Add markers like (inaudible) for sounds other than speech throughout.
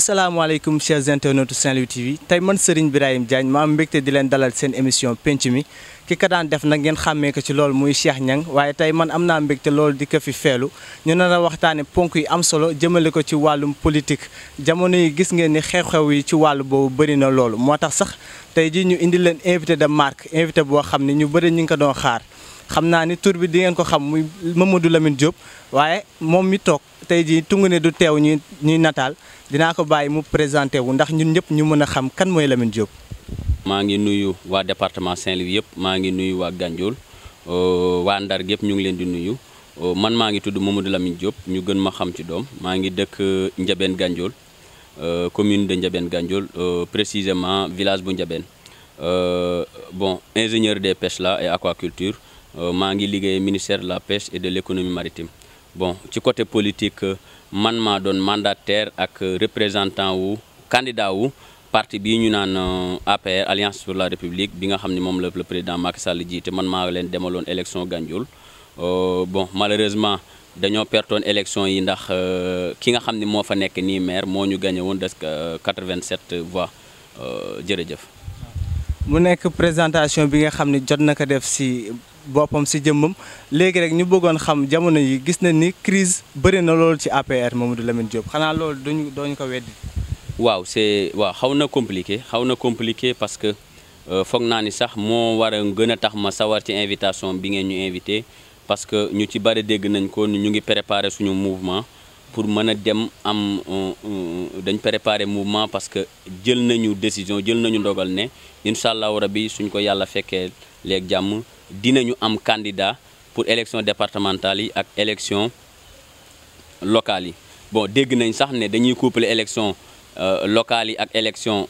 asalaamaaleykum chers internautes Saint-Louis TV tey man Serigne Birahim Diagne ma am mbégte di leen dalal seen émission penc mi ki ka daan def nag ngeen xàmmee ko ci loolu muy Cheikh Niang waaye tey man am naa mbégte loolu di ko fi feelu ñu nar a waxtaane ponk yi am solo jëmale ko ci wàllum politique jamono yi gis ngeen ni xew-xew yi ci wàllu boobu bari na loolu moo tax sax tey jii ñu indi leen invité de marque invité boo xam ne ñu bëri ñu ngi ko doon xaar xam naa ni tur bi di ngeen ko xam muy Mamadou Lamine Diop waaye moom mi toog tey jii tungu ne du teew ñuy ñuy nataal D'ina ko bàyyi mu présenter wu ndax ñun ñep ñu mëna xam kan moy Lamine Diop. ma ngi nuyu wa département Saint-Louis yep ma ngi nuyu waa euh wa Ndar yep ñu ngi leen di nuyu euh, man ma ngi tudd Mamadou Lamine Diop ñu gën ma xam ci dom ma ngi dëkk euh, Ndiabène euh commune de Ndiabène euh précisément village bu Ndiabène euh, bon ingénieur des pêches là et aquaculture ma ngi liggéey ministère de la pêche et de l'économie maritime bon ci côté politique. man maa doon mandataire ak représentant wu candidat wu parti bii ñu naan euh, APR Alliance pour la République bi nga xam ni moom la le président Macky Sall jiite man maa leen demaloon élection Gandiol euh, bon malheureusement dañoo pertoon élection yi ndax euh, ki nga xam ni moo fa nekk nii maire moo ñu gagné woon des 87 voix jërëjëf. mu nekk présentation bi nga xam ne jot na ko def si bopam si jëmmam légui rek ñu bëggoon xam jamono yi gis na ni crise bëri na lool ci APR Mamadou Lamine Diop xana lool duñu doñ ko wéddi waaw c'est waaw xawna compliqué xawna compliqué parce que euh, foog naa ni sax moo war a gën a tax ma sawar ci invitation bi ngeen ñu invité parce que ñu ci bari dégg nañ ko ñu ngi préparé suñu mouvement pour mën a dem am dañ préparé mouvement parce que jël nañu décision jël nañu ndogal ne incha allahu rabi suñ ko yàlla fekkee léegi jàmm dinañu am candidat pour élection départementale ak élection locale yi bon dégg nañ sax né dañuy coupler élection euh, locale ak élection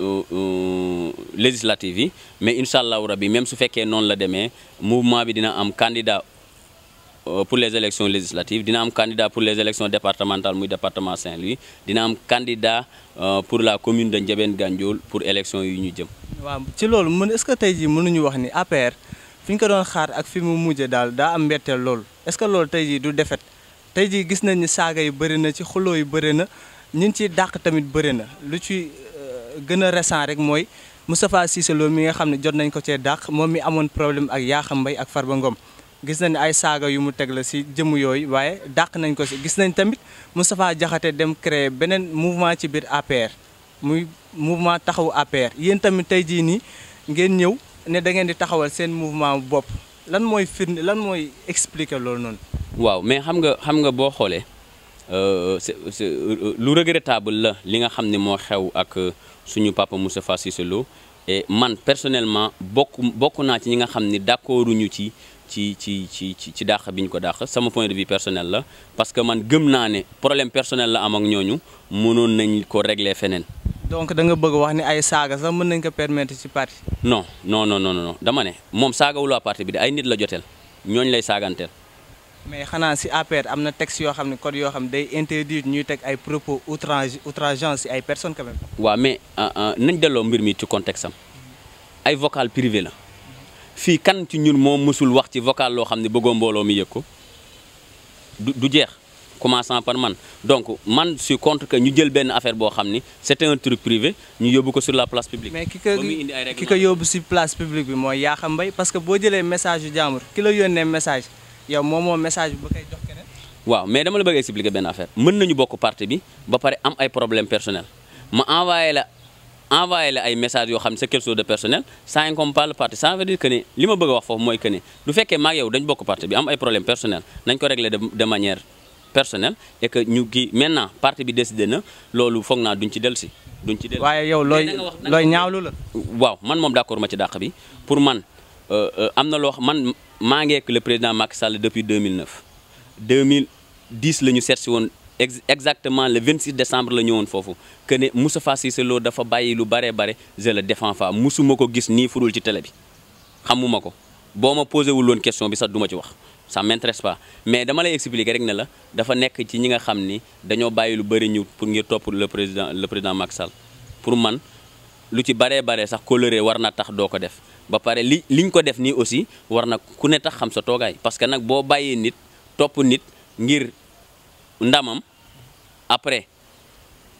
euh, euh, législative yi mais inshallah allahu rabi même su féké non la démé mouvement bi dina am candidat pour les élections législatives dina am candidat pour les élections départementales muy département Saint-Louis dina am candidat pour la commune de Ndiébène Gandiol pour élection yi ñu jëm. waaw ci loolu mën est-ce que ji mënu ñu wax ni APR. fi ñ ko doon xaar ak fi mu mujje daal daa am mbetteel loolu est-ce que loolu tey jii du defet tey jii gis nañ ni saaga yi bëri na ci xuloo yi bëri na ñin ciy dàq tamit bëri na lu ci euh, gën a récent rek mooy Moustapha Cissé Lo mi nga xam ne jot nañ ko cee dàq moom mi amoon problème ak Yakham Mbaye ak Farba Ngom gis nañ ay saaga yu mu teg la si jëmm yooyu waaye dàq nañ ko si gis nañ tamit Moustapha Diakhaté dem créer beneen mouvement ci biir APR muy mouvement taxaw APR yéen tamit tey jii nii ngeen ñëw ne da di taxawal seen mouvement bopp lan mooy firnde lan mooy expliquer loolu noonu. waaw mais xam nga xam nga boo xoolee euh, c'est euh, lu regretable la li nga xam ni moo xew ak euh, suñu papa Moustapha Cissé Lo man personnellement bokk bokk naa ci ñi nga xam ni d'accorduñu ci ci ci ci ci dàq bi ñu ko dàq sama point de vue personnel la parce que man gëm naa ne problème personnel la am ak ñooñu mënoon nañ ko régle feneen. donc da nga bëgg wax ni ay ne mën permettre de non, non non non non non dama ne moom saagawul ne parti bi de ay la qui lay mais si APR am texte yoo xam code day interdire propos outrageants outrageance les personnes quand même. mais euh, euh, nañ mbir mi ci contexte ay vocal privé la kan ci ñun qui a wax ci vocal ne commençant par man donc man je suis contre que ñu jël une affaire boo xam ni c'était un truc privé ñu l'avons ko sur la place publique. mais qui l'a mis sur la place publique bi mooy yaa xam mbay parce que as un message yu jàmbur ki la un message yow moom moo message que ba koy jox keneen. waaw mais dama la bëgg expliquer benn affaire mën nañu bokk parti bi ba pare am ay problème personnel ma envoyé la. envoyé la ay message yoo xam ne c'est quelque de personnel ça incombe pas le parti ça veut dire que ne li ma bëgg a wax foofu mooy que ne du fekkee maag yow dañ bokk parti bi am ay problème personnel nañ ko régler de manière personnel et que ñu gi maintenant parti bi décidé na loolu foog naa duñ ci dellu ci duñ ci dellu waye yow loy looy ñaawlu la. waaw man mom d'accord ma ci dàq bi pour man euh, euh, amna lo loo man maa ngi le président Macky Sall depuis 2009 2010 lañu ñu seet exactement le 26 décembre la ñëwoon fofu que ne Moustapha Cissé Lo dafa bayyi lu bare bare je le défends fa musuma gis ni fudul ci télé bi xamumako ko boo posé wul won question bi sa duma ci wax ça m'intéresse pas mais dama lay expliquer rek ne la dafa nek ci ñi nga dañoo que lu pour le président le président Macky Sall pour man lu ci sax coloré war tax def def aussi warna ku ne tax xam sa parce que nag gens nit top nit ngir ndamam après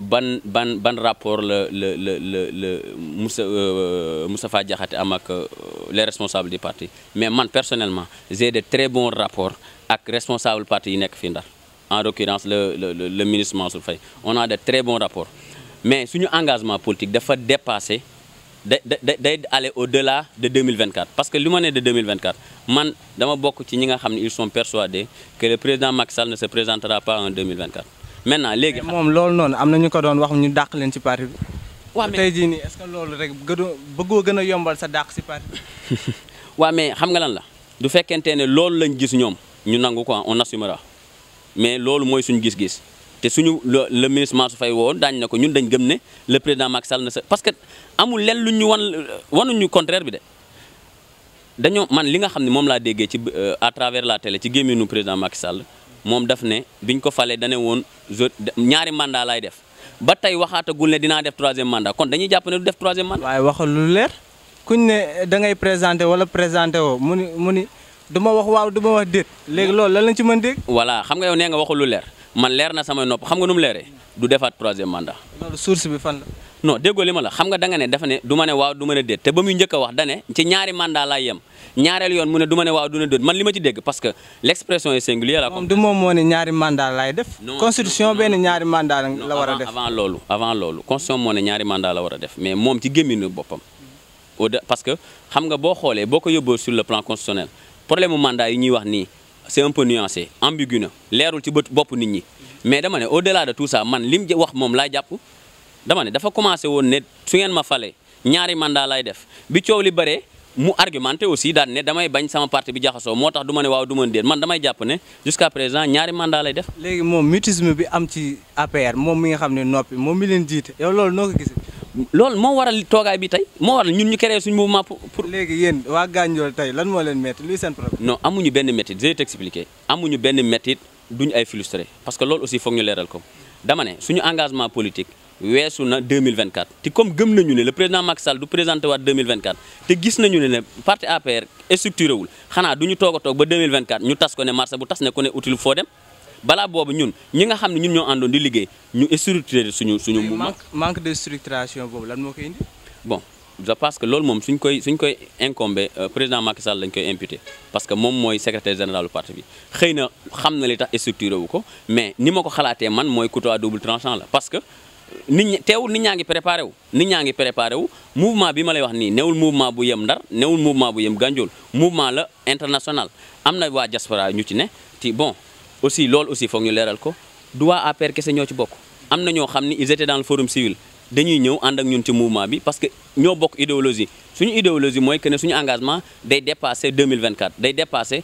ban ban ban rapport le le le Moussa euh, euh, les responsables du parti mais moi, personnellement j'ai de très bons rapports avec les responsables du parti en l'occurrence le ministre Mansour Faye on a de très bons rapports mais suñu engagement politique dafa dépasser d'aller au-delà de 2024 parce que le moment de 2024 moi, dama persuadé ils sont persuadés que le président Macky ne se présentera pas en 2024. maintenant léegi. moom loolu noonu am na ñu ko doon wax ñu dàq leen ci parti bi. waaw mais tey jii que loolu rek gëdoo bëggoo gën a yombal sa dàq ci parti bi. (laughs) mais xam nga lan la du fekkente ne loolu lañ gis ñoom ñu nangu ko on assumera mais loolu mooy suñu gis-gis te suñu le ministre su fay woon daañ na ko ñun dañ gëm ne le président Macky Sall na sa parce que amul lenn lu ñu wan wanuñu contraire bi de dañoo man li nga xam ne moom laa déggee ci euh, à travers la télé ci gémminu président Macky Sall. moom daf ne biñ ko falee dane woon ñaari mandat lay def ba tey waxaatagul ne dinaa def troisième mandat kon dañuy jàpp ne du def troisième mandat. waaye waxal lu leer kuñ ne dangay présenté wala présenté woo mu ni mu ni du ma wax waaw du ma wax déet léegi lool lan lañ ci mën dégg. voilà xam nga yow nee nga waxul lu leer man leer na samay nopp xam nga nu mu du defaat troisième mandat. non du wax da ci mandat parce que l'expression est singulière. moom du ñaari mandat def. constitution mandat la wara def avant lolu avant lolu constitution qui ñaari mandat la wara def mais mom ci gemine parce que xam nga sur le plan constitutionnel problème mandat yi ñi wax un peu nuancé ambigu na ci nit ñi mais au delà de tout ça man lim wax vous la japp dama ne dafa commencé woon ne su ngeen ma falé ñaari mandat lay def bi ciow li béré mu argumenté aussi da ne damay bañ sama parti bi jaxaso motax duma du ne waaw duma ma man damay japp ne jusqu'à présent ñaari mandat lay def. légui mom mutisme bi am ci APR mom mi nga xamné nopi mom mi leen jiite yow lool noko ko lool mo waral togaay bi tay mo waral ñun ñu créé suñu mouvement pour. légui yeen wa gañjol tay lan mo leen métti luy seen problème. non amuñu benn métti je vais t'expliquer amuñu benn métti duñ ay frustré parce que lool aussi fokk ñu léral ko dama ne suñu engagement politique weesu 2024 te comme gëm nañu le président Macky Sall du présenter waat 2024 te gis nañu ne ne parti APR structuré wul xanaa du nous toog a ba 2024 ñu tas ko ne marché bu tas ne ku ne utile foo dem balaa boobu ñun ñi nga xam ne ñun ñoo àndoon di liggéey ñu structuré suñu suñu. mouvement manque de structuration boobu lan moo koy indi. bon je pense que loolu moom suñ koy suñ koy incombé euh, président Macky Sall lañ koy imputé parce que moom mooy secrétaire général du parti bi xëy na xam li tax structuré wu ko mais ni ma ko xalaatee man mooy couteau à double tranchant la parce que nous ñi teewul nit préparé mouvement mouvement international diaspora bon aussi aussi avons ñu ko Nous ñoo ci étaient dans le forum civil dañuy ñëw ànd mouvement parce que ñoo une idéologie suñu idéologie c'est que ne suñu engagement dépassé 2024 day dépassé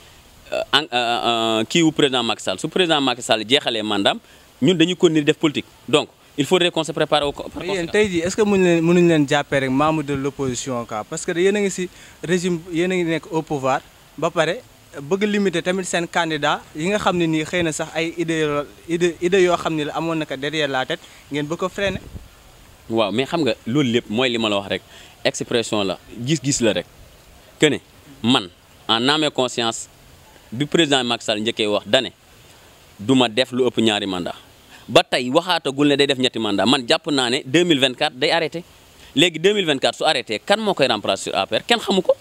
euh, euh, euh, kii président Macky Sall le président Macky Sall jeexalee mandam, ñun nous avons politique donc il faudrait qu'on se prépare au yéen tey jii est ce que mënuñ leen mënuñ leen jàppee rek membre de l'opposition opposition parce que yéen a ngi régime yéen a ngi nekk au pouvoir ba pare bëgg limiter tamit seen candidat yi nga xam ne nii xëy na sax ay idée idée idée yoo la amoon na derrière la tête ngeen bëgg ko freiner. waaw mais xam nga loolu lépp mooy li ma la wax rek expression la gis-gis la rek que ne man en âme et conscience bi président Macky Sall njëkkee wax dane du def lu ëpp ñaari mandat ba tey waxaatagul ne day def ñetti mandat man japp naa 2024 day arrêté légui 2024 su arrêté kan mo koy remplacer sur APR ken xamuko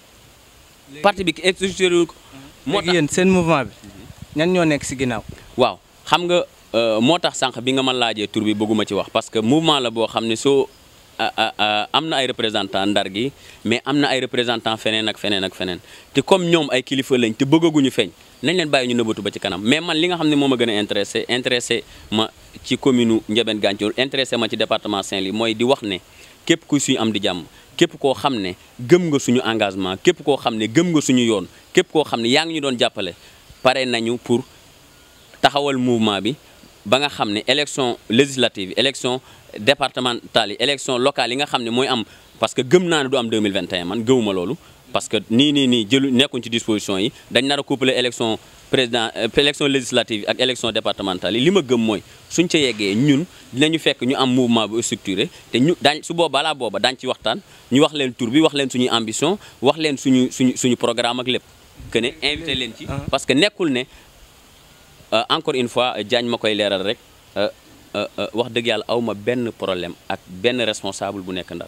parti bi structuré ko. moo tax yéen mouvement bi. ñan ño nekk ci ginaaw waaw xam nga euh, motax sank bi nga ma laajee tour bi bëgguma ci wax parce que mouvement la bo xam so amna ay représentants ndar gi mais amna ay représentants fenen ak fenen ak fenen te comme ñom ay kilifa lañ te bëggaguñu feñ nañ leen bàyyi ñu nëbbatu ba ci kanam mais man li nga xam ne moo ma gën a intéressé intéressé ma ci commune Ndiébène Gandiol intéressé ma ci département Saint-Louis mooy di wax ne képp ku suñu am di jàmm képp koo xam ne gëm nga suñu engagement képp koo xam ne gëm nga suñu yoon képp koo xam ne yaa ngi ñu doon jàppale pare nañu pour taxawal mouvement bi ba nga xam ne élection législative élection départementale yi élection locale yi nga xam ne mooy am parce que gëm naa ne du am 2021 man gëwuma loolu parce que ni ni ni jël nekkuñ ci disposition yi dañ nar a coupler élection président euh, élection législative ak élection départementale yi li ma gëm moy suñ ca yeggee ñun dinañu fekk ñu am mouvement bu structuré té ñu daañ su boobaa laa booba daañ ci waxtaan ñu wax leen tour bi wax leen suñu ambition wax leen suñu suñu programme ak lépp que né invité leen ci ah. parce que nekkul ne euh, encore une fois Diagne ma koy leeral rek euh, wax dëgg yàlla awma ben problème ak ben responsable bu nekk Ndar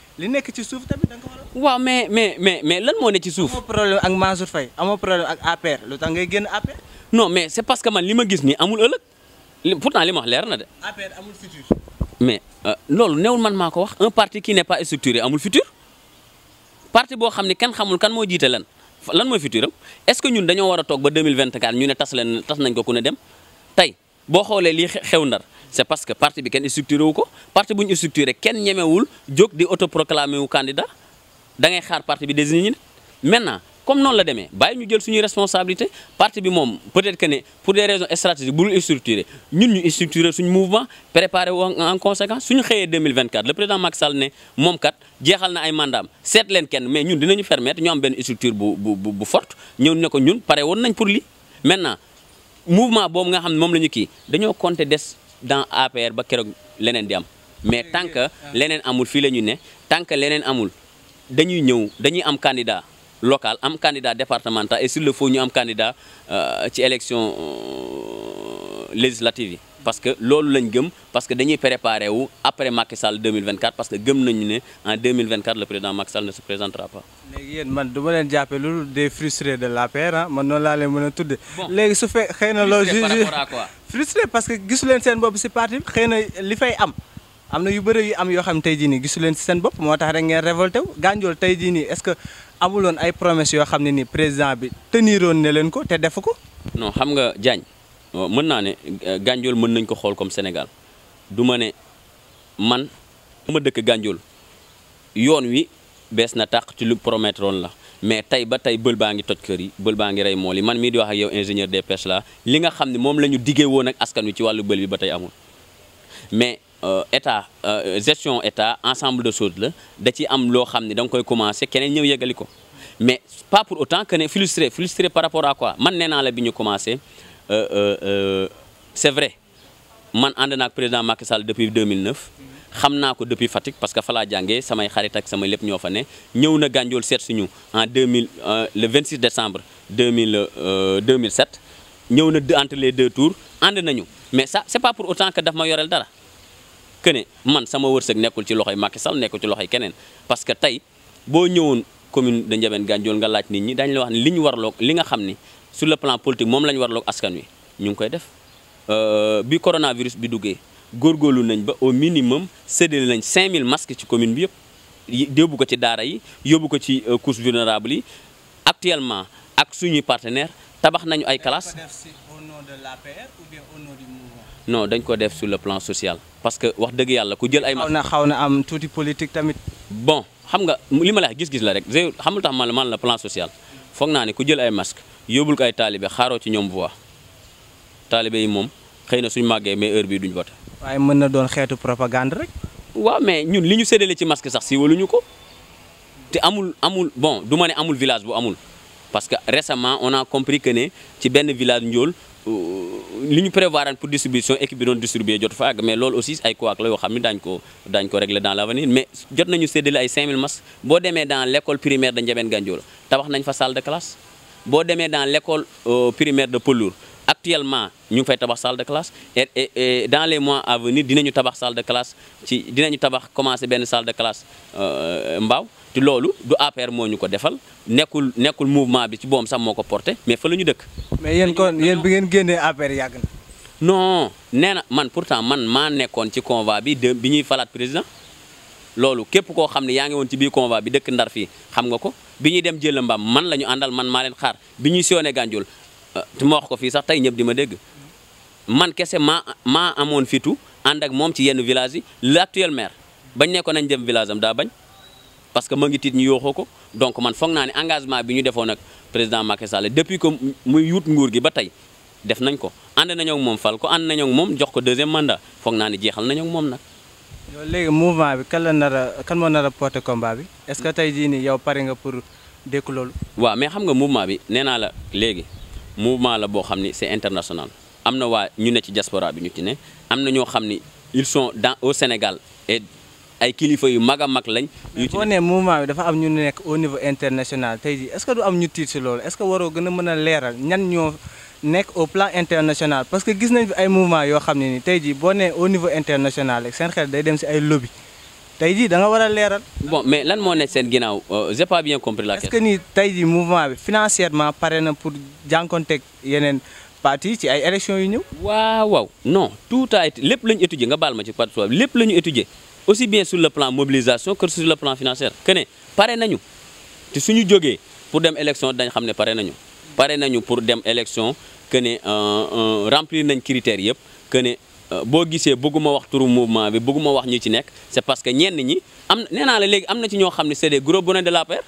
li nekk ci suuf tamit da nga ko war a. mais mais mais mais lan moo ne ci suuf. amoo problème ak Mansour Faye amoo problème ak APR lu tax ngay génn APR. non mais c'est parce que man li ma gis nii amul ëllëg pourtant li ma wax leer na de. APR amul futur. mais euh, loolu newul man maa wax un parti qui n'est pas structuré amul futur parti boo xam ne kenn xamul kan moo jiite lan lan mooy futur est-ce que ñun dañoo war a toog ba 2024 ñu ne tas leen tas nañ ko ku ne dem tey boo xoolee lii c'est parce que parti bi kenn structuré wu ko parti bien ñu structuré kenn ñemewul jóg di autoproclamé wu candidat da ngay xaar parti bi désigné maintenant comme non la demee bàyyi ñu jël suñuy responsabilité parti bi moom peut-être que pour des raisons stratégiques bu dul structuré ñun ñu structuré suñu mouvement préparé en conséquence suñu xëyee 2024 le président Macky Sall ne moom kat jeexal na ay mandaam seet leen ken mais ñun dinañu fermer ñu am benn structure bu bu bu forte Nous ne ko ñun pare woon nañ pour lui. maintenant mouvement boobu nga xam ne moom la ñu dañoo compter des dans APR ba keroog lenen di am mais tant que lenen amul fi lañu né tant que lenen amul dañuy ñëw dañuy am candidat local am candidat départemental et s'il le faut ñu am candidat euh, ci élection euh, législative parce que loolu lañ gëm parce que dañuy préparé wu après Macky Sall 2024 parce que gëm nañu ne en 2024 le président Macky Sall ne se présentera pas. léegi yéen man du ma leen jàppee des frustrés de la ah man noonu laa leen mën a tudde léegi su fekk xëy na loolu. frustré par rapport à quoi parce que gisu leen seen bopp si parti bi xëy na am. am na yu bëri yu am yo xam tey jini, nii len ci sen seen bopp tax rek ngeen révolté wu Gandiol tey jini. est-ce que amuloon ay promesses yo xam ni président bi teniron ne len ko te def ko. non xam nga Diagne. Euh, mën naa ne euh, Gandiol mën nañ ko comme Sénégal du ne man ma dëkk Gandiol yoon wi bees na tàq ci lu promettre la mais tay ba tay bël baangi toj kër yi bël baangi ray rey yi man mi di wax ak yow ingénieur des pêches la li nga xamni mom lañu diggé ñu diggee ak askan wi ci walu bël bi ba tey amul mais euh, état gestion état ensemble de choses la da ci am lo xamni dang koy commencer keneen ñew yeggali mais pas pour autant que né frustré frustré par rapport à quoi man nee naa la biñu commencer euh, euh, euh, c'est vrai man ànd naak président Macky Sall depuis 2009 xam ko depuis Fatick parce que fala jangé samay xarit ak samay lepp ño fa né ñëw na Gandiol seet suñu en 2000 le 26 décembre 2000 2007 ñëw na entre les deux tours ande nañu mais ça c'est pas pour autant que daf ma yorel dara que man sama wërsëg nekul ci loxoy Macky Sall nekkul ci loxoy kenen parce que tay bo ñewon commune de Ndiabène Gandiol nga laaj nit ñi dañ la wax ne li li nga xamni sur le plan politique nous lañ ñu askan wi ñu koy def euh, bi coronavirus bi duggé gorgolu nañ ba au minimum c'est nañ 5000 masques ci commune bi a ko ci daara yi ko ci partenaires, euh, vulnérables yi actuellement ak partenaires tabax nañu ay de l'APR ou au nom du non dañ ko sur le plan social parce que wax vous yalla ku jël ay. a xawna am touti politique tamit. bon xam nga li gis-gis la rek tax man plan social foog naa ne ku jël ay masque yóbbul ko ay taalibe xaaroo ci ñoom voix taalibe yi moom xëy na suñ màggee mais heure bi duñ vote waaye mën na doon xeetu propagande rek. waaw mais ñun li ñu séddale ci masque sax siiwaluñu ko te amul amul bon du ma ne amul village bu amul parce que récemment on a compris que ne ci benn village Ndiol euh, li ñu prévoir pour distribution et qui distribuer jot mais loolu aussi ay couac la yoo xam ko dañ ko régler dans l'avenir. mais jot nañu séddale ay 5000 mas bo démé dans l'école primaire de Ndiabène Gandiol wax nañ fa salle de classe bo démé dans l'école euh, primaire de Poulour, actuellement nous ngi fay tabax salle de classe et et dans les mois à venir dinañu tabax salle de classe ci dinañu tabax commencer benn salle de classe euh, Mbaaw. te loolu du APR moo ñu ko defal nekkul nekkul mouvement bi ci boom sax moo ko porté mais fa la ñu dëkk. mais yéen kon yéen bi ngeen génne APR yàgg na. non nee na man pourtant man maa nekkoon ci convoi bi de bi ñuy falaat président loolu képp koo xam ne yaa ngi woon ci biir convoi bi dëkk ndar fii xam nga ko bi ñuy dem jëla mbaam man la ñu àndal man maa leen xaar bi ñuy siyone gànjul te euh, ma wax ko fii sax tey ñëpp di ma dégg man kese maa maa amoon fitu ànd ak moom ci yenn village yi l'actuel maire bañ nekkoon nañ dem village am daa bañ. parce que mangi ngi tiit ñu yooxoo ko donc man foog naa ne engagement bi ñu defoon ak président Macky Sall depuis ko muy yut nguur gi ba tey def nañ ko ànd na ak moom fal ko ànd nañoo ak moom jox ko deuxième mandat foog naa ne jeexal nañoo ak moom nag. yow léegi mouvement bi kan la nar a kan moo nar a bi est-ce que tey jii nii yow pare nga pour dékk loolu. waaw mais xam nga mouvement bi nee naa la léegi mouvement la boo xam ne c'est international am na waa ñu ne ci diaspora bi ñu ci ne am na ñoo xam ni ils sont dans au Sénégal ay kilifa yu mag a mag lañ. yu ci boo nee mouvement bi dafa am ñu nekk au niveau international tey jii est-ce que am ñu tiit si loolu est-ce waroo gën a mën a leeral ñan ñoo nekk au plan international parce que gis nañ fi ay mouvement yoo xam ne ni tey jii boo nee au niveau international rek seen xel day dem si ay lobby. tey jii da nga war a leeral. bon mais lan moo nekk seen ginnaaw euh, j'ai pas bien compris la question. est-ce que ni tey jii mouvement bi financièrement pare na pour jànkonteeg yeneen parti ci ay élections yu ñëw. waaw waaw non tout à lépp la ñu étudier nga baal ma ci parti lépp la ñu étudier aussi bien sur le plan mobilisation que sur le plan financier que ne Paré nañu Ci suñu jógee pour dem élection dañ xamné paré nañu Paré nañu pour dem élection que euh, euh remplir nañ critères yépp que ne euh, boo gisee bëgguma wax turu mouvement bi bëgguma wax ñi ci nek c'est parce que ñenn ñi am na la am ci ño xamné c'est des gros bonnets de la paire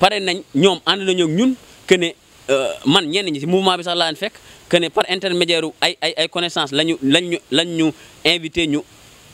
Paré nañ and lañu ak ñun que euh man ñenn ñi ci mouvement bi sax laa leen fekk que par intermédiaire ay ay ay connaissance lañu lañu ñu invité ñu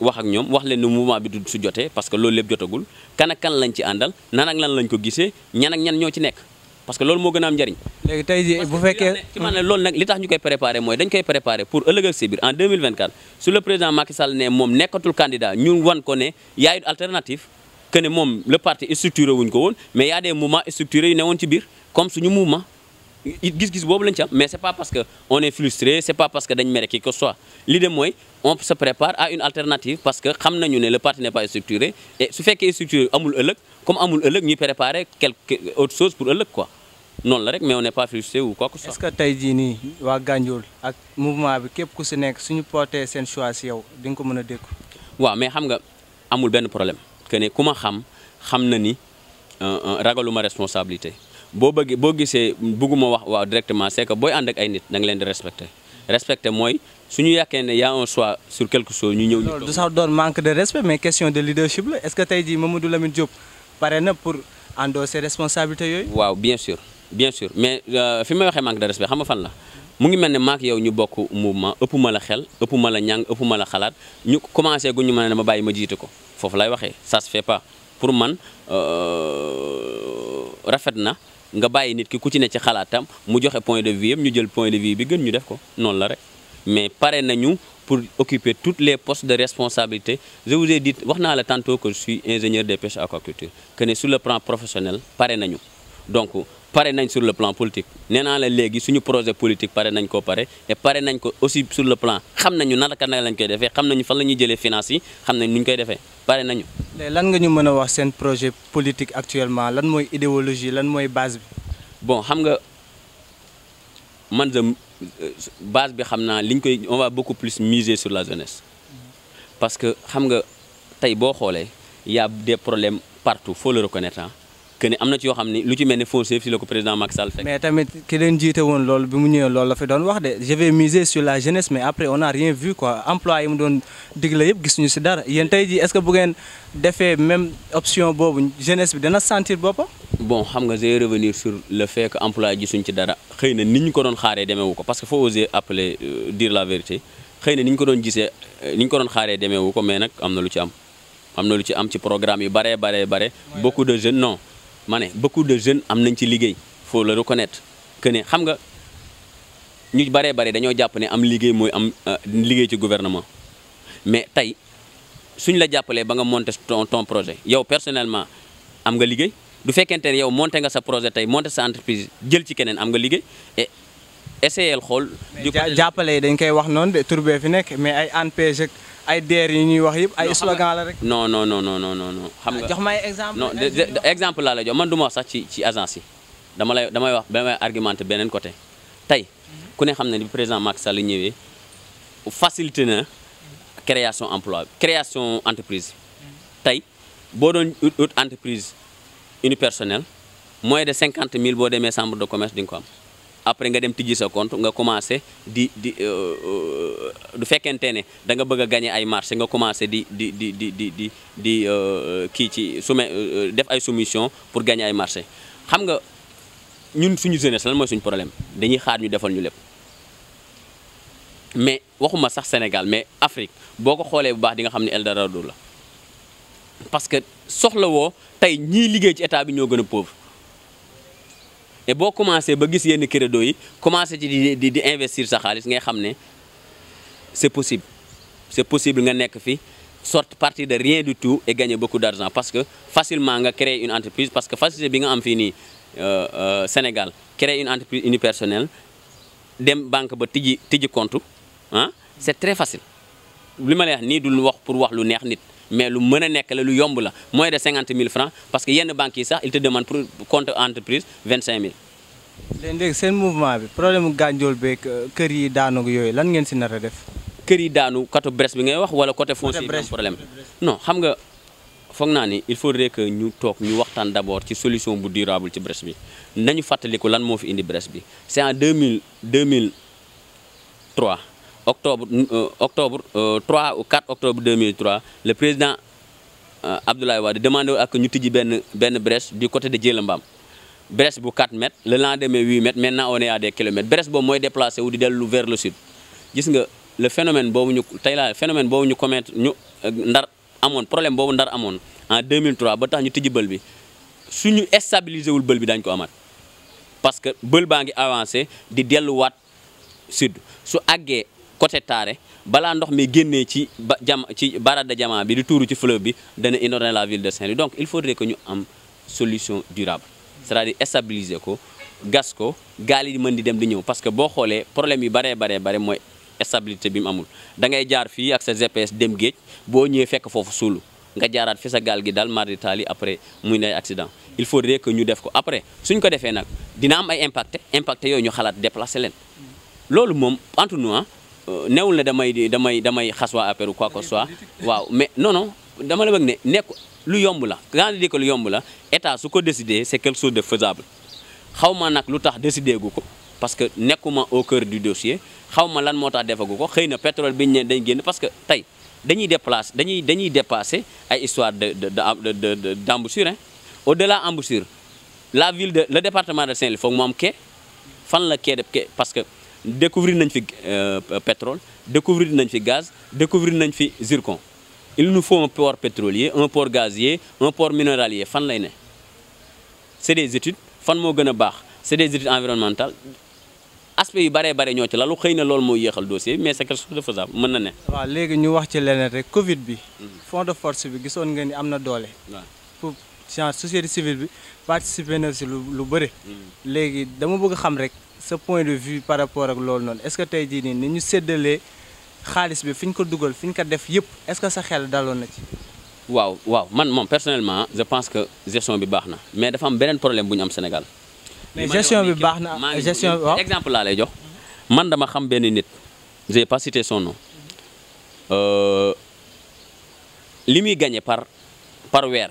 wax ak ñoom wax leen ni mouvement bi du su jotee parce que loolu lépp jotagul kan ak kan lañ ci àndal nan lan lañ ko gisee ñan ñan ñoo ci nekk parce que loolu moo gën a am njariñ. léegi tey loolu nag li tax ñu koy préparé mooy dañ koy préparé pour ëllëg ak si biir en 2024 su le président Macky Sall ne moom nekkatul candidat ñu wan ko ne yaay alternative que moom le parti structuré wuñ ko woon mais y a des mouvements structurés yu ne woon ci biir comme suñu muuma gis-gis bobu lañ ci mais c'est pas parce que on est frustré c'est pas parce que dañ mere qui que soit l'idée moy on se prépare à une alternative parce que xamnañu né le parti n'est pas structuré et su fekkee structuré amul euleuk comme amul nous ñuy préparer quelque autre chose pour euleuk quoi Non, la rek mais on n'est pas frustré ou quoi que soit. est-ce que tey jii nii waa Gandiol ak mouvement bi képp ku si nous suñu porté sen choix si yow ding ko mëna dékku. mais xam nga amul ben problème que né kuma xam xam na ni euh, euh, ragaluma responsabilité boo bëggee boo gisee bëgguma wax waaw directement c'est que booy ànd ak ay nit da nga leen di respecter respecter mooy suñu yàkkee il y a un choix sur quelque chose ñu ñëw ñu loolu du sax manque de respect mais question de leadership est-ce que tey jii Mamadou Lamine Diop pare na pour endosser responsabilité yooyu waaw bien sûr bien sûr mais euh, fi may waxee manque de respect xam nga fan la mu ngi mel ne maak yow ñu bokk mouvement ëpp ma la xel ëpp ma la ñàng ëpp ma la xalaat ñu commencé gu ñu mën ne ma bàyyi ko foofu lay waxee ça se fait pas pour man euh, rafet na nga bàyyi nit ki ku ci ne ci xalaatam mu joxe point de vue yëpp ñu jël point de vue bi gën ñu def ko noonu la rek mais pare nañu pour occuper toutes les postes de responsabilité je vous ai dit wax naa la tantôt que je suis ingénieur des pêches aquaculture que ne sur le plan professionnel pare nañu donc pare nañ sur le plan politique nee naa la léegi suñu projet politique pare nañ ko pare et pare nañ ko aussi sur le plan xam nañu naka lañ koy defee xam nañu fan la ñuy jëlee finance yi xam nañ nu ñu koy defee quest nañu. que nga ñu mëna wax projet politique actuellement lan moy idéologie lan moy base bi. bon xam nga man de base bi on va beaucoup plus miser sur la jeunesse parce que xam nga bo y a des problèmes partout faut le reconnaître hein que ne amna ci yo xamni lu ci melni ne foncier si la président Macky Sall fekk. mais tamit ki len jité won loolu bi mu ñëwee loolu la fi doon wax dé je vais miser sur la jeunesse mais après on a rien vu quoi emploi yi mu doon digle yëpp gisuñu ci dara yéen tay jii est ce que bu ngeen defee même option bobu jeunesse bi dana sentir boppam. bon xam nga j'ai revenir sur le fait que emploi yi ci dara xeyna niñ ko doon xaaree demeewu ko parce que faut oser appeler euh, dire la vérité xeyna niñ ko doon gisee euh, niñ ko doon xaaree demeewu ko mais nak amna lu ci am amna lu ci am ci programme yu baree baree bare beaucoup de jeunes non mané beaucoup de jeunes am nañ ci liguey faut le reconnaître que ne xam nga ñu bari bari dañu japp né am liguey moy am euh, liguey ci gouvernement mais tay suñ la jappalé ba nga monter ton ton projet yow personnellement am nga liguey du fekkenté yow monter nga sa projet tay monter sa entreprise jël ci kenen am nga liguey et xol xool. jappalé dañ koy wax non de tur fi nek mais ay ANPEJ ay deer yi ñuy wax yëpp ay slogan la rek. non non non non non non xam nga ah, jox ma exemple non exemple laa la jox man du ma wax sax ci agence yi dama lay damay wax damay argumenté beneen côté Tay, ku ne xam ne bi président Macky Sall ñëwee facilité na création emploi création entreprise Tay, boo doon ut entreprise unipersonnelle moins de cinquante mille boo demee chambre de commerce di ko am. après nga dem tijji sa compte nga commencer di di euh, euh, du fekente ne da nga bëgg a ay marché nga commencer di di di di di di di euh, ki ci soumet def ay soumission pour gagner ay marché xam nga ñun suñu jeunesse lan moy suñu problème dañuy xaar ñu defal ñu lepp mais waxuma sax Sénégal mais Afrique boko xolé bu baax di nga xamni Eldorado la parce que soxla wo tay ñi liggéey ci état bi ñoo gëna pauvre Et si vous commencez à investir sa xaalis ngay c'est possible c'est possible que vous fi sorte partir de rien du tout et gagner beaucoup d'argent parce que facilement vous créer une entreprise parce que facilement, vous nga am au euh, euh, Sénégal créer une entreprise unipersonnelle dem banque ba tijji compte hein, c'est très facile li ma pas pour mais lu meuna nek le la lu yomb la moins de cinquante francs parce que yenn banque yi sax il te demande pour compte entreprise 25000. cinq mille. léegi seen mouvement bi problème ganjol gànjool euh, kër yi daanu yooyu lan ngeen si nar a def. kër yi daanu côté bres bi ngay wax wala côté foncier bi problème non xam nga foog naa ni il faudrait que ñu toog ñu waxtaan d' abord ci solution bu durable ci bres bi nañu fàttaliku lan moo fi indi bres bi c' est en 2000 2003 octobre, euh, octobre 3 euh, ou 4 octobre 2003, le président euh, Abdoulaye Wade demandait à que nous ben ben brèche du côté de Djelembam. Brèche pour 4 mètres, le lendemain 8 mètres, maintenant on est à des kilomètres. Brèche pour moi déplacé vers le sud. le phénomène que nous tay le phénomène ñu ñu problème boobu ndar amoon en 2003 ba tax ñu tijji bël bi suñu stabiliser wul bël bi parce que bël baa ngi avancé di delluwaat sud su côté taré bala ndox mi génné ci jam ci barada jama bi di tuuru ci fleuve bi dana inonder la ville de Saint-Louis donc il faudrait que ñu am solution durable c'est-à-dire stabiliser ko gas ko gal yi mën di dem di ñëw parce que bo xolé problème yu baré baré baré moy stabilité bi mu amul da ngay jaar fi ak sa GPS dem géej bo ñëwee fekk fofu sulu nga jaarat fi sa gal gi dal mardi tali après muy né accident il faudrait que ñu def ko après suñ ko défé nak dina am ay impacté impacté yoy ñu xalat déplacer leen lolu mom entre nous hein, newul ne damay damay damay xas waa affaire quoi que soit waaw mais non non dama la bëgg ne nekk lu yomb la quand je que lu yomb la état su ko décider c'est quelque chose de faisable xawma nak lutax décider gu parce que nekkuma au cœur du dossier xawma lan motax tax defagu ko pétrole biñ ñu ne dañ parce que tay dañuy déplacer dañuy dañuy dépasser ay histoire de de de de hein au delà embouchure la ville de le département de Saint-Louis faut mu am fan la ké quai parce que découvrir nañ fi euh, pétrole découvrir nañ fi gaz découvrir nañ fi zircon il nous faut un port pétrolier un port gazier un port minéralier fan lay c'est des études fan moo c'est des études environnementales aspect yu baree bare ñoci la lu xeyna lool moy yéxal dossier mais c'est quelque chose de faisable mën na ne. waaw ñu wax ci lénen rek Covid bi. Mm-hmm. fond de force bi gisoon nga ni amna doolé pour science société civile bi participer na ci lu lu bëri. Mm-hmm. léegi dama bëgg xam rek ce point de vue par rapport à l'ol non est-ce que tu jii nii ni ñu séddalee xaalis bi fiñ ko dugal fiñ ko def yëpp est-ce que sa xel daloon na ci. waaw waaw man mom personnellement je pense que gestion bi baxna mais dafa am benen problème buñ am Sénégal. mais gestion bi baxna gestion bi exemple la lay jox man dama xam benn nit j'ai pas cité son nom euh muy gagné par par weer.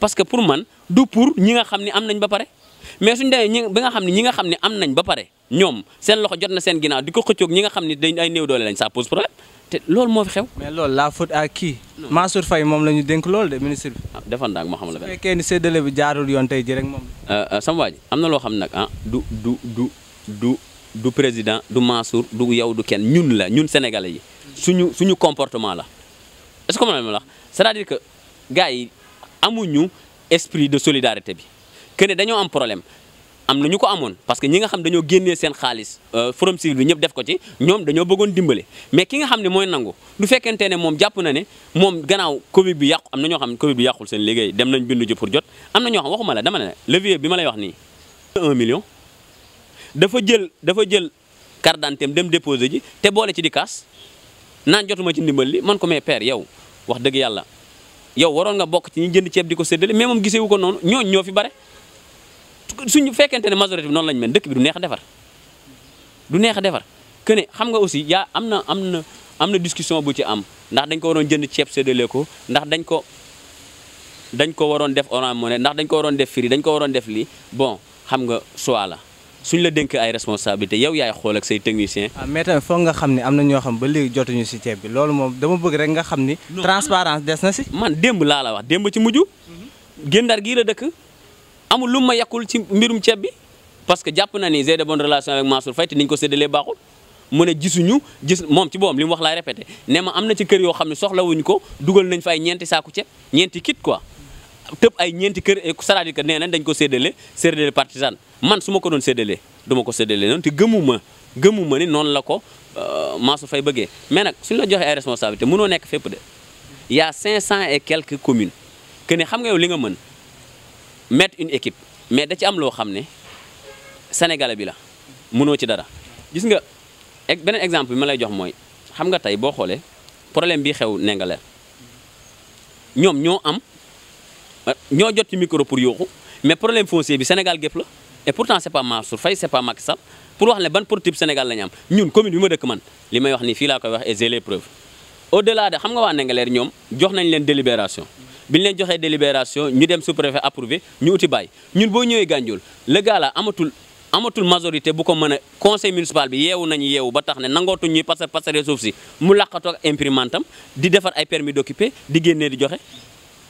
parce que pour man du pour ñi nga xam ne am nañ ba pare mais suñ demee ñi nga xam ne ñi nga xam ne am nañ ba pare ñoom seen loxo jot na seen ginnaaw di ko xëccoog ñi nga xam ne dañ ay néew doole lañ ça pose loolu moo xew. loolu la faute à qui. Mansour moom la ñu dénk loolu de ministre bi. ah defoon naa ma xam la benn. su fekkee ni séddale bi rek moom. Euh, euh, sama waa am na loo xam nag ah du du du du du président du Mansour du yow du kenn ñun la ñun sénégal yi suñu suñu comportement la est-ce que ma la wax c'est-à-dire que amuñu esprit de solidarité bi que ne dañoo am problème am na ñu ko amoon parce que ñi nga xam dañoo génnee seen xaalis euh, forum civil bi ñëpp def ko ci ñoom dañoo bëggoon dimbale mais ki nga xam ne mooy nangu du fekkente ne moom jàpp na ne moom gannaaw Covid bi yàqu am na ñoo xam ne Covid bi yàqul seen liggéey dem nañ bindu ji pour jot am nañoo ñoo xam waxuma dama ne levier bi ma lay wax nii. 1 dafa jël dafa jël carte d'identité dem déposé ji te boole ci di naan jotuma ci ndimbal man ko mais père yow wax dëgg yàlla. yow waroon nga bokk ci ñi jënd ceeb di ko séddale mais moom gisewu ko noonu ñooñ ñoo fi bare suñu fekkente ne majorité bi noonu lañ mel dëkk bi du neex defar du neex a defar que ne xam nga aussi yaa am na am na am na discussion bu ci am ndax dañ ko waroon jënd ceeb séddale ko ndax dañ ko dañ ko waroon def Orange Money ndax dañ ko waroon def Free dañ ko waroon def lii bon xam nga choix la suñ la dénk ay responsabilité yow yaay xool say technicien ah mais foog nga xam ne am na ñoo xam ba léegi jotuñu si ceeb bi loolu moom dama bëgg rek nga xam ni. transparence des na si. man démb laa la wax démb ci mujj. Guet-Ndar gii la dëkk amul lu ma yàqul ci mbirum ceeb bi parce que jàpp na ni j'ai de bonnes relations avec Mansour Faye te ni ñu ko séddalee baaxul. mu ne gisuñu gis moom ci boobam li mu wax laay répété ne ma am na ci kër yoo xam ne wuñ ko dugal nañ fay ñeenti saaku ceeb ñeenti kit quoi. tëb ay ñenti kër eh, c'est-à-dire que nee dañ ko sédélé sédélé partisan man suma ko doon sédélé duma ma ko sédélé non te gëmuma gëmuma ni non la ko euh, su fay bëggé mais nak suñ la joxé ay responsabilité mënoo nekk fépp il y a 500 et quelques communes que ne xam nga yow li nga mën mettre une équipe mais da ci am lo xamné sénégalais bi la mëno ci dara gis nga benen exemple bi ma lay jox moy xam nga tay bo xolé problème bi xew Ndingler ñom ño am Nous avons ci micro pour yooxu mais problème foncier le Sénégal et pourtant n'est pas Mansour ce n'est pas Macky pour wax banques ban prototype Sénégal la ñu nous, ñun commune nous man que les preuves au delà de xam nga nous avons nous jox nañ une délibération Quand une fait une délibération nous dem sous-préfet approuvé ñu uti nous ñun le gars amatul amatul majorité bu ko y a conseil municipal bi yeewu nañu yeewu ba tax ne imprimantam di ay permis d'occuper di di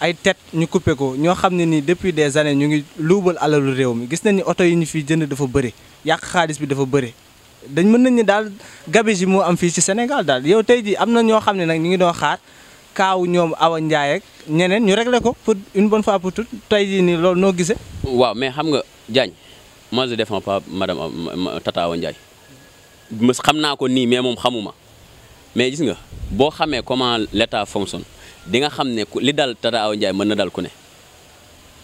ay tête ñu coupé ko ñoo xam ne ni depuis des années ñu ngi luubal alalu réew mi gis nañ ni oto yi ñu fiy jënd dafa bëri yàq xaalis bi dafa bëri dañ mën nañ ni daal gabegie moo am fii ci Sénégal daal yow tey ji am na ñoo xam ne nag ñu ngi doo xaar kaaw ñoom Awa Ndiaye ak ñeneen ñu regle ko pour une bonne fois pour tout tey jii nii loolu noo gisee. waaw mais xam nga Diagne moi je défends pas madame Tata Awa Ndiaye xam naa ko nii mais moom xamuma mais gis nga boo xamee comment l' état fonctionne. di nga ne li Tata dal ku ne.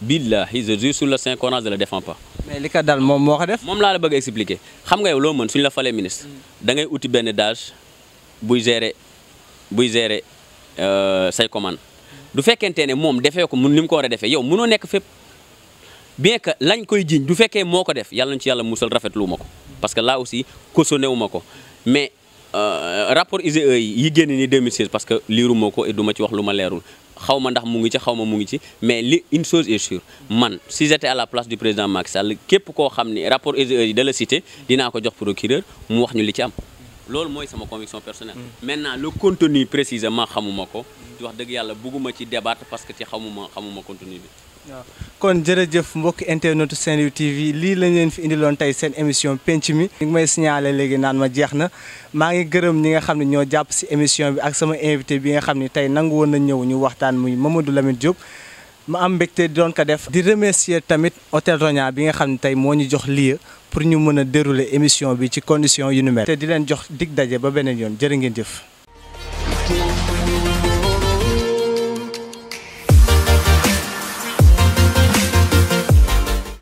billahi je sur Saint pas. mais li dal la bëgg expliquer xam nga yow lo ministre. da ngay ben dage buy gérer buy gérer euh, say commande du ne mom défé ko mun ko a yow ne bien que lañ koy du moko def yalla ci parce que là aussi cautionné mais. Euh, rapport IGE yi génn ni 2016 parce que liru moko et du ci wax luma ma leerul xaw ndax mu ngi ci xawma mu ci mais li une chose est sûre man si j'étais à la place du président Macky Sall képp ko xamni rapport IGE yi da la cité dina ko jox procureur mu wax ñu li ci am lool moy sama conviction personnelle mm. maintenant le contenu précisément xamuma ko wax deug yalla buguma ci débattre parce que ci xamuma xamuma contenu bi waaw kon jërëjëf mbokki internetu Saint-Louis TV lii lañ leen fi indiloon tey seen émission penc mi. ñu ngi may signalé léegi naan ma jeex na maa ngi gërëm ñi nga xam ne ñoo jàpp si émission bi ak sama invité bi nga xam ni tey nangu woon ñëw ñu waxtaan muy Mamadou Lamine Diop. ma am mbégte doon ko def di remercier tamit hôtel Roña bi nga xam ne tey moo ñu jox lieu pour ñu mën a dérouler émission bi ci condition yu nu mel. te di leen jox dig daje ba beneen yoon jërë ngeen jëf.